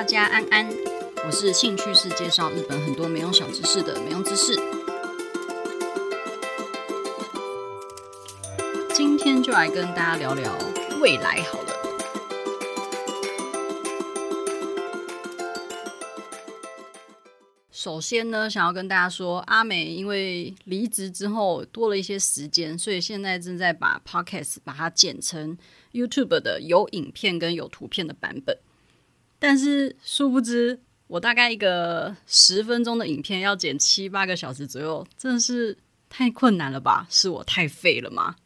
大家安安，我是興趣是介紹日本很多沒用小知識的沒用知識。今天就來跟大家聊聊未來好了。首先呢，想要跟大家說，阿梅因為離職之後多了一些時間，所以現在正在把 Podcast 把它剪成 YouTube 的有影片跟有圖片的版本。但是殊不知，我大概一個十分鐘的影片要剪七八個小時左右，真的是太困難了吧？是我太廢了嗎？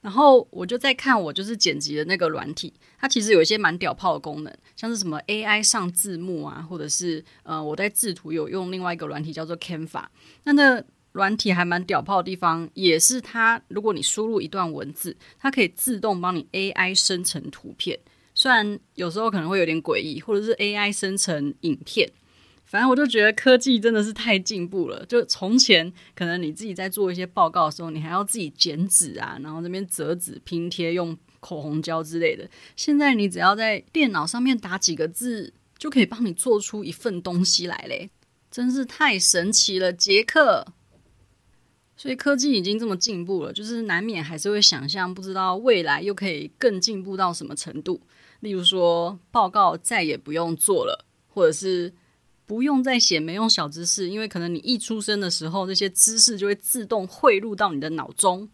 然後我就在看我就是剪輯的那個軟體，它其實有一些蠻屌炮的功能，像是什麼 AI 上字幕啊，或者是呃我在製圖有用另外一個軟體叫做 Canva，那那軟體還蠻屌炮的地方，也是它如果你輸入一段文字，它可以自動幫你 AI 生成圖片。雖然有時候可能會有點詭異，或者是 AI 生成影片，反正我就覺得科技真的是太進步了。就從前可能你自己在做一些報告的時候，你還要自己剪紙啊，然後這邊折紙拼貼用口紅膠之類的。現在你只要在電腦上面打幾個字，就可以幫你做出一份東西來嘞，真是太神奇了，傑克。所以科技已經這麼進步了，就是難免還是會想象，不知道未來又可以更進步到什麼程度。例如說，報告再也不用做了，或者是不用再寫沒用小知識，因為可能你一出生的時候，那些知識就會自動匯入到你的腦中。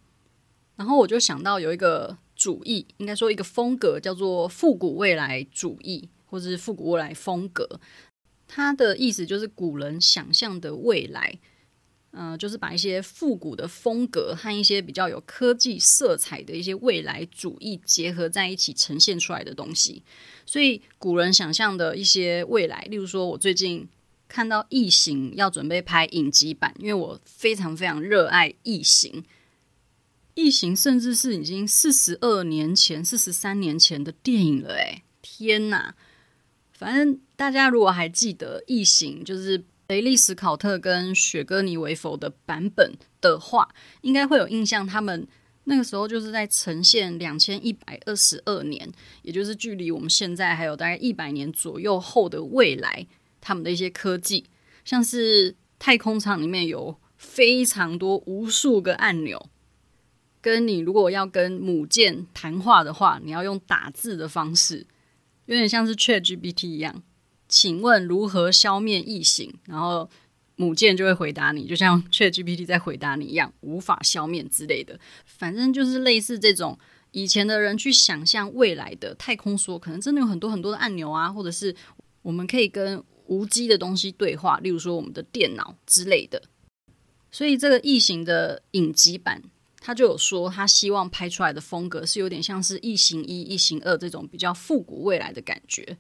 然後我就想到有一個主義，應該說一個風格，叫做復古未來主義，或者是復古未來風格。它的意思就是古人想象的未來。嗯、呃，就是把一些復古的風格和一些比較有科技色彩的一些未來主義結合在一起呈現出來的東西。所以古人想象的一些未來，例如說，我最近看到《異形》要準備拍影集版，因為我非常非常熱愛《異形》。《異形》甚至是已經四十二年前、四十三年前的電影了，誒，天哪！反正大家如果還記得《異形》，就是。雷利史考特跟雪歌妮薇佛的版本的話，應該會有印象。他們那個時候就是在呈現兩千一百二十二年，也就是距離我們現在還有大概一百年左右後的未來，他們的一些科技，像是太空艙裡面有非常多無數個按鈕，跟你如果要跟母艦談話的話，你要用打字的方式，有點像是 ChatGPT 一樣。請問如何消滅異形？然後母艦就會回答你，就像 ChatGPT 在回答你一樣，無法消滅之類的。反正就是類似這種，以前的人去想象未來的太空，說可能真的有很多很多的按鈕啊，或者是我們可以跟無機的東西對話，例如說我們的電腦之類的。所以這個異形的影集版，他就有說他希望拍出來的風格是有點像是《異形一》、《異形二》這種比較復古未來的感覺。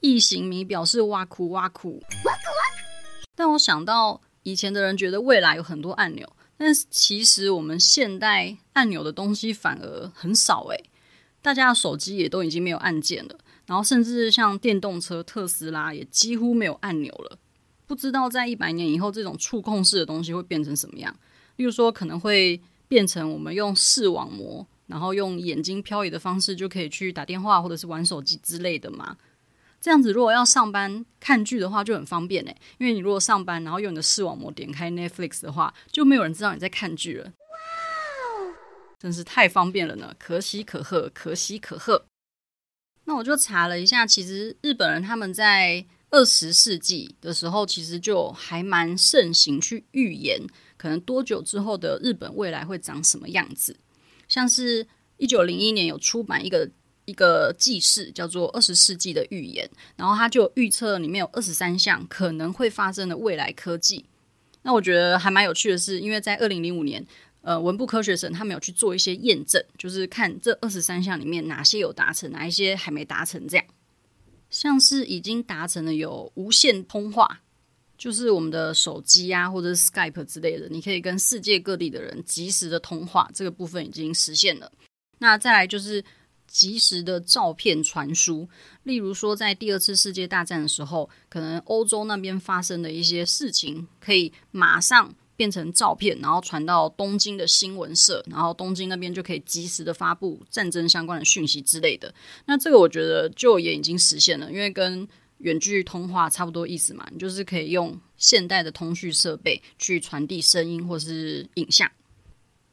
異形迷表示：哇酷，哇酷，哇酷，哇酷。但我想到以前的人覺得未來有很多按鈕，但其實我們現代按鈕的東西反而很少、欸、大家的手機也都已經沒有按鍵了，然後甚至像電動車特斯拉也幾乎沒有按鈕了。不知道在一百年以後，這種觸控式的東西會變成什麼樣？例如說，可能會變成我們用視網膜，然後用眼睛漂移的方式就可以去打電話或者是玩手機之類的嘛？這樣子，如果要上班看劇的話就很方便哎，因為你如果上班，然後用你的視網膜點開 Netflix 的話，就沒有人知道你在看劇了。哇，Wow! 真是太方便了呢，可喜可賀，可喜可賀。那我就查了一下，其實日本人他們在二十世紀的時候，其實就還蠻盛行去預言，可能多久之後的日本未來會長什麼樣子。像是一九零一年有出版一個。一個記事叫做《二十世紀的預言》，然後它就預測裡面有二十三項可能會發生的未來科技。那我覺得還蠻有趣的是，是因為在二零零五年，呃，文部科學省他們有去做一些驗證，就是看這二十三項裡面哪些有達成，哪一些還沒達成。這樣像是已經達成了有無線通話，就是我們的手機啊，或者是 Skype 之類的，你可以跟世界各地的人即時的通話，這個部分已經實現了。那再來就是。即時的照片傳輸，例如說，在第二次世界大戰的時候，可能歐洲那邊發生的一些事情，可以馬上變成照片，然後傳到東京的新聞社，然後東京那邊就可以即時的發布戰爭相關的訊息之類的。那這個我覺得就也已經實現了，因為跟遠距通話差不多意思嘛，你就是可以用現代的通訊設備去傳遞聲音或是影像，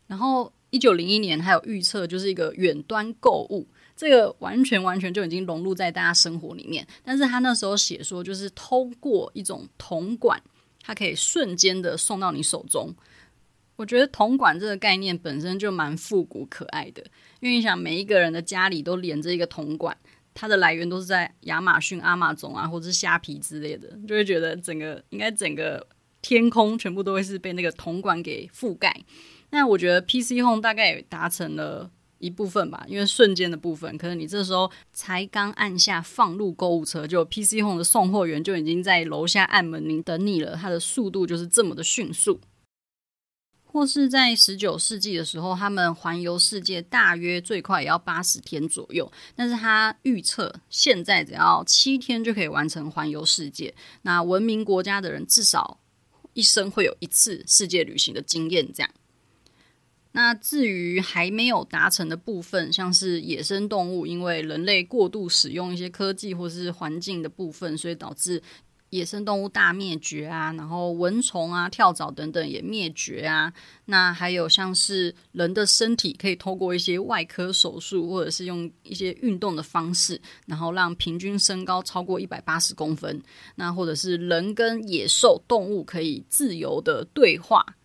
然後。一九零一年，還有預測就是一個遠端購物，這個完全完全就已經融入在大家生活裡面。但是他那時候寫說，就是通過一種銅管，它可以瞬間的送到你手中。我覺得銅管這個概念本身就蠻復古可愛的，因為你想每一個人的家裡都連着一個銅管，它的來源都是在亞馬遜、阿馬總啊，或者是蝦皮之類的，就會覺得整個應該整個天空全部都會是被那個銅管給覆蓋。那我覺得 PC Home 大概也達成了一部分吧，因為瞬間的部分，可能你這時候才剛按下放入購物車，就 PC Home 的送貨員就已經在樓下按門鈴等你了，他的速度就是這麼的迅速。或是在十九世紀的時候，他們環遊世界大約最快也要八十天左右，但是他預測現在只要七天就可以完成環遊世界，那文明國家的人至少一生會有一次世界旅行的經驗，這樣。那至於還沒有達成的部分，像是野生動物，因為人類過度使用一些科技或是環境的部分，所以導致野生動物大滅絕啊，然後蚊蟲啊、跳蚤等等也滅絕啊。那還有像是人的身體，可以透過一些外科手術或者是用一些運動的方式，然後讓平均身高超過一百八十公分。那或者是人跟野獸動物可以自由的對話。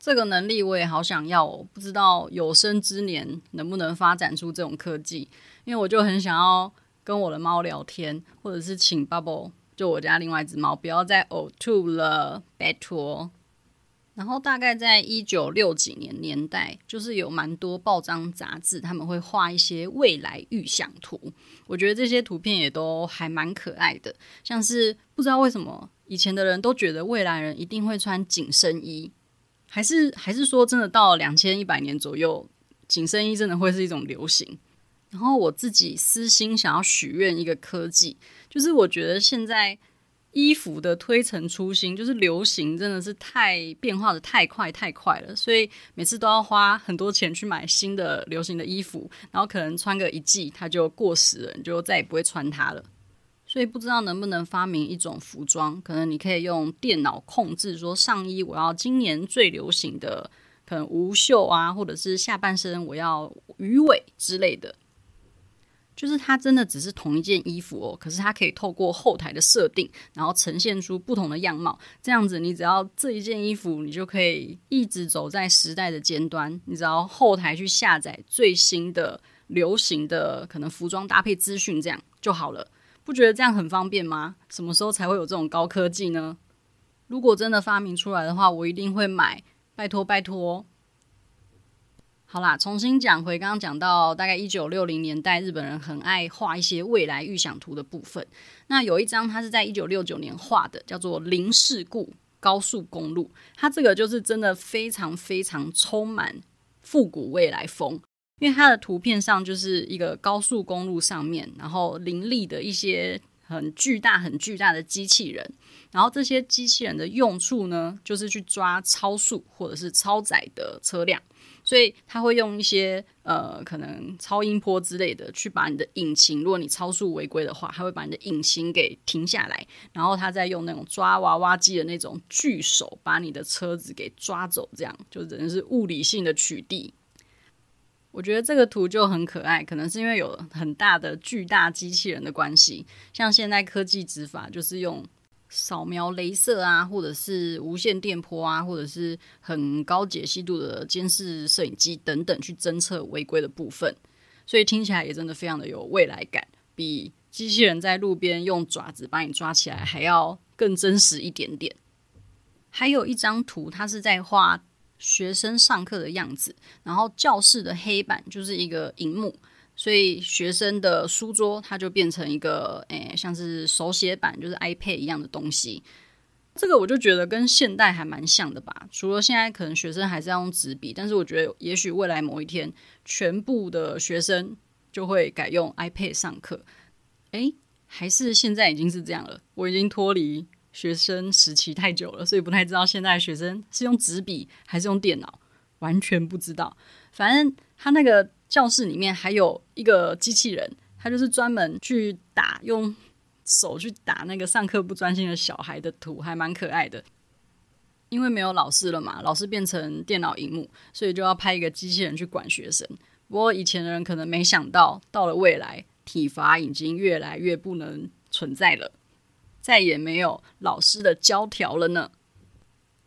這個能力我也好想要，哦，不知道有生之年能不能發展出這種科技，因為我就很想要跟我的貓聊天，或者是請 Bubble 就我家另外一隻貓不要再嘔吐了，拜託。然後大概在一九六幾年年代，就是有蠻多報章雜誌他們會畫一些未來預想圖，我覺得這些圖片也都還蠻可愛的，像是不知道為什麼以前的人都覺得未來人一定會穿緊身衣。還是還是說，真的到兩千一百年左右，緊身衣真的會是一種流行？然後我自己私心想要許願一個科技，就是我覺得現在衣服的推陳出新，就是流行真的是太變化的太快太快了，所以每次都要花很多錢去買新的流行的衣服，然後可能穿個一季，它就過時了，你就再也不會穿它了。所以不知道能不能發明一種服裝，可能你可以用電腦控制，說上衣我要今年最流行的，可能無袖啊，或者是下半身我要魚尾之類的，就是它真的只是同一件衣服哦，可是它可以透過後台的設定，然後呈現出不同的樣貌。這樣子，你只要這一件衣服，你就可以一直走在時代的尖端。你只要後台去下載最新的流行的可能服裝搭配資訊，這樣就好了。不覺得這樣很方便嗎？什麼時候才會有這種高科技呢？如果真的發明出來的話，我一定會買。拜託，拜託！好啦，重新講回剛剛講到，大概一九六零年代，日本人很愛畫一些未來預想圖的部分。那有一張，它是在一九六九年畫的，叫做零事故高速公路。它這個就是真的非常非常充滿複古未來風。因為它的圖片上就是一個高速公路上面，然後林立的一些很巨大、很巨大的機器人，然後這些機器人的用處呢，就是去抓超速或者是超載的車輛，所以他會用一些呃，可能超音波之類的去把你的引擎，如果你超速違規的話，他會把你的引擎給停下來，然後他再用那種抓娃娃機的那種巨手把你的車子給抓走，這樣就等於是物理性的取締。我覺得這個圖就很可愛，可能是因為有很大的巨大機器人的關係。像現在科技執法，就是用掃描鐳射啊，或者是無線電波啊，或者是很高解析度的監視攝影機等等去偵測違規的部分，所以聽起來也真的非常的有未來感，比機器人在路邊用爪子把你抓起來還要更真實一點點。還有一張圖，它是在畫。學生上課的樣子，然後教室的黑板就是一個熒幕，所以學生的書桌它就變成一個，誒、欸，像是手寫板，就是 iPad 一樣的東西。這個我就覺得跟現代還蠻像的吧？除了現在可能學生還是要用紙筆，但是我覺得也許未來某一天，全部的學生就會改用 iPad 上課。哎、欸，還是現在已經是這樣了，我已經脫離。學生時期太久了，所以不太知道現在的學生是用紙筆還是用電腦，完全不知道。反正他那個教室裡面還有一個機器人，他就是專門去打用手去打那個上課不專心的小孩的圖，還蠻可愛的。因為沒有老師了嘛，老師變成電腦熒幕，所以就要派一個機器人去管學生。不過以前的人可能沒想到，到了未來，體罰已經越來越不能存在了。再也沒有老師的教條了呢。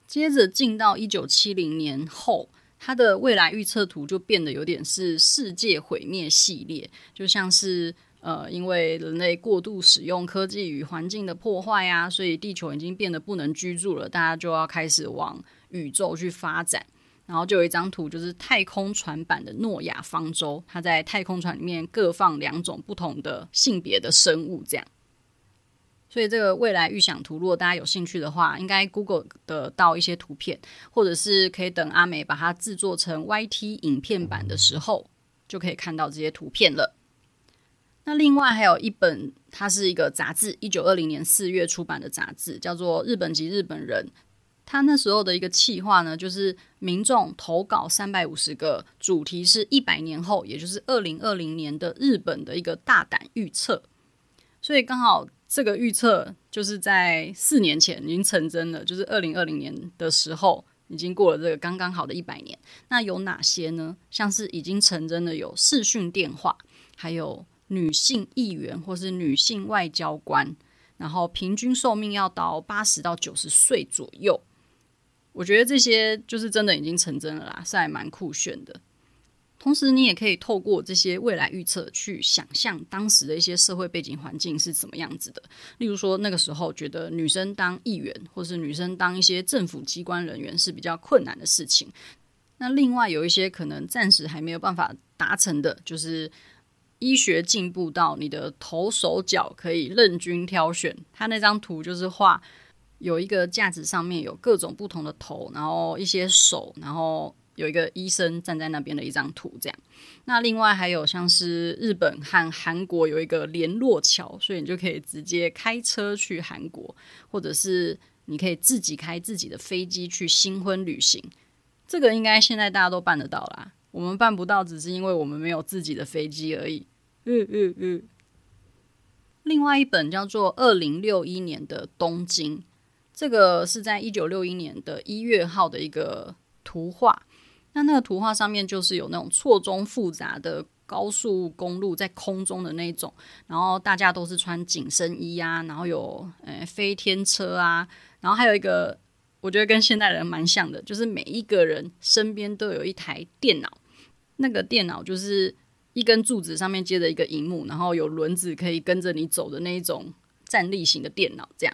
接着進到一九七零年後，他的未來預測圖就變得有點是世界毀滅系列，就像是呃，因為人類過度使用科技與環境的破壞呀、啊，所以地球已經變得不能居住了，大家就要開始往宇宙去發展。然後就有一張圖，就是太空船版的諾亞方舟，他在太空船裡面各放兩種不同的性別的生物，這樣。所以這個未來預想圖，如果大家有興趣的話，應該 Google 得到一些圖片，或者是可以等阿梅把它制作成 YT 影片版的時候，就可以看到這些圖片了。那另外還有一本，它是一個雜誌，一九二零年四月出版的雜誌，叫做《日本及日本人》。他那時候的一個企劃呢，就是民眾投稿三百五十個主題，是一百年後，也就是二零二零年的日本的一個大膽預測。所以剛好。這個預測就是在四年前已經成真了，就是二零二零年的時候已經過了這個剛剛好的一百年。那有哪些呢？像是已經成真的有視訊電話，還有女性議員或是女性外交官，然後平均壽命要到八十到九十歲左右。我覺得這些就是真的已經成真了啦，是還蠻酷炫的。同時，你也可以透過這些未來預測去想象當時的一些社會背景環境是怎麼樣子的。例如說，那個時候覺得女生當議員，或是女生當一些政府機關人員是比較困難的事情。那另外有一些可能暫時還沒有辦法達成的，就是醫學進步到你的頭、手腳可以任君挑選。他那張圖就是畫有一個架子，上面有各種不同的頭，然後一些手，然後。有一個醫生站在那邊的一張圖，這樣。那另外還有像是日本和韓國有一個聯絡橋，所以你就可以直接開車去韓國，或者是你可以自己開自己的飛機去新婚旅行。這個應該現在大家都辦得到啦，我們辦不到只是因為我們沒有自己的飛機而已。嗯嗯嗯。另外一本叫做《二零六一年的東京》，這個是在一九六一年的一月號的一個。圖畫，那那個圖畫上面就是有那種錯綜複雜的高速公路在空中的那一種，然後大家都是穿緊身衣啊，然後有呃飛天車啊，然後還有一個我覺得跟現代人蠻像的，就是每一個人身邊都有一台電腦，那個電腦就是一根柱子上面接着一個熒幕，然後有輪子可以跟着你走的那一種站立型的電腦。這樣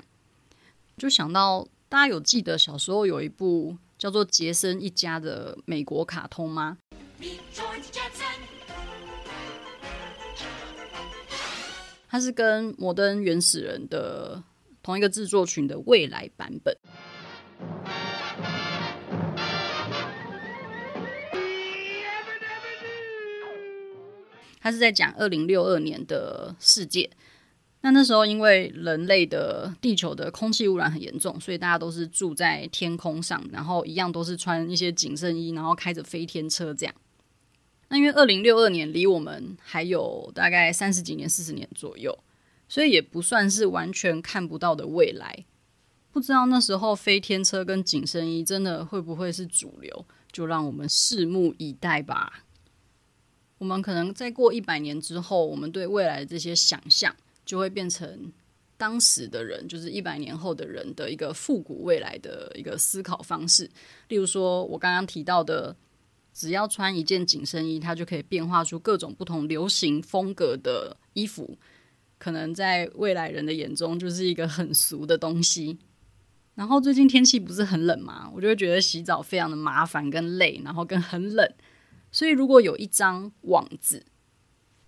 就想到大家有記得小時候有一部，叫做《傑森一家》的美國卡通嗎？它是跟《摩登原始人》的同一個製作群的未來版本。它是在講二零六二年的世界。那那時候，因為人類的地球的空氣污染很嚴重，所以大家都是住在天空上，然後一樣都是穿一些緊身衣，然後開着飛天車這樣。那因為二零六二年離我們還有大概三十幾年、四十年左右，所以也不算是完全看不到的未來。不知道那時候飛天車跟緊身衣真的會不會是主流？就讓我們拭目以待吧。我們可能再過一百年之後，我們對未來的這些想象。就會變成當時的人，就是一百年後的人的一個復古未來的一個思考方式。例如說，我剛剛提到的，只要穿一件緊身衣，它就可以變化出各種不同流行風格的衣服，可能在未來人的眼中，就是一個很俗的東西。然後最近天氣不是很冷嘛，我就會覺得洗澡非常的麻煩跟累，然後跟很冷。所以如果有一張網子，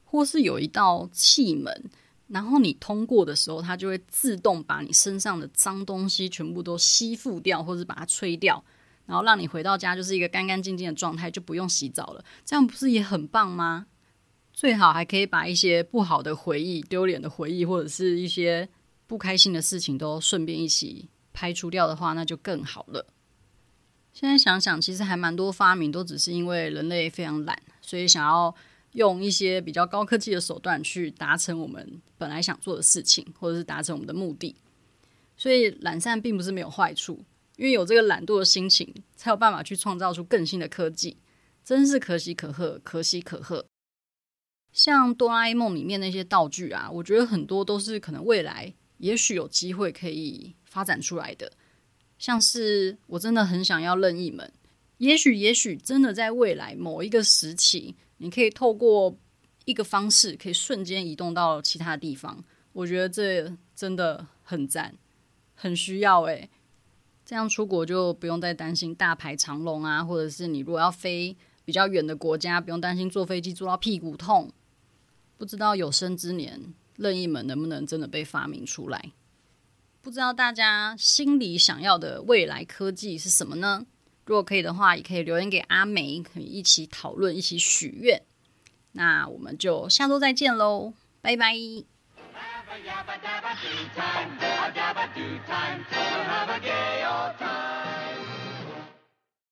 或是有一道氣門，然後你通過的時候，它就會自動把你身上的髒東西全部都吸附掉，或者把它吹掉，然後讓你回到家就是一個乾乾淨淨的狀態，就不用洗澡了。這樣不是也很棒嗎？最好還可以把一些不好的回憶、丟臉的回憶，或者是一些不開心的事情都順便一起排除掉的話，那就更好了。現在想想，其實還蠻多發明都只是因為人類非常懶，所以想要。用一些比較高科技的手段去達成我們本來想做的事情，或者是達成我們的目的。所以懶散並不是沒有壞處，因為有這個懶惰的心情，才有辦法去創造出更新的科技。真是可喜可賀，可喜可賀。像哆啦 A 夢裡面那些道具啊，我覺得很多都是可能未來也許有機會可以發展出來的。像是我真的很想要任意門，也許也許真的在未來某一個時期。你可以透過一個方式，可以瞬間移動到其他地方。我覺得這真的很讚，很需要欸。這樣出國就不用再擔心大排長龍啊，或者是你如果要飛比較遠的國家，不用擔心坐飛機坐到屁股痛。不知道有生之年，任意門能不能真的被發明出來？不知道大家心裡想要的未來科技是什麼呢？如果可以的話，也可以留言給阿梅，可以一起討論，一起許願。那我們就下周再見嘍，拜拜。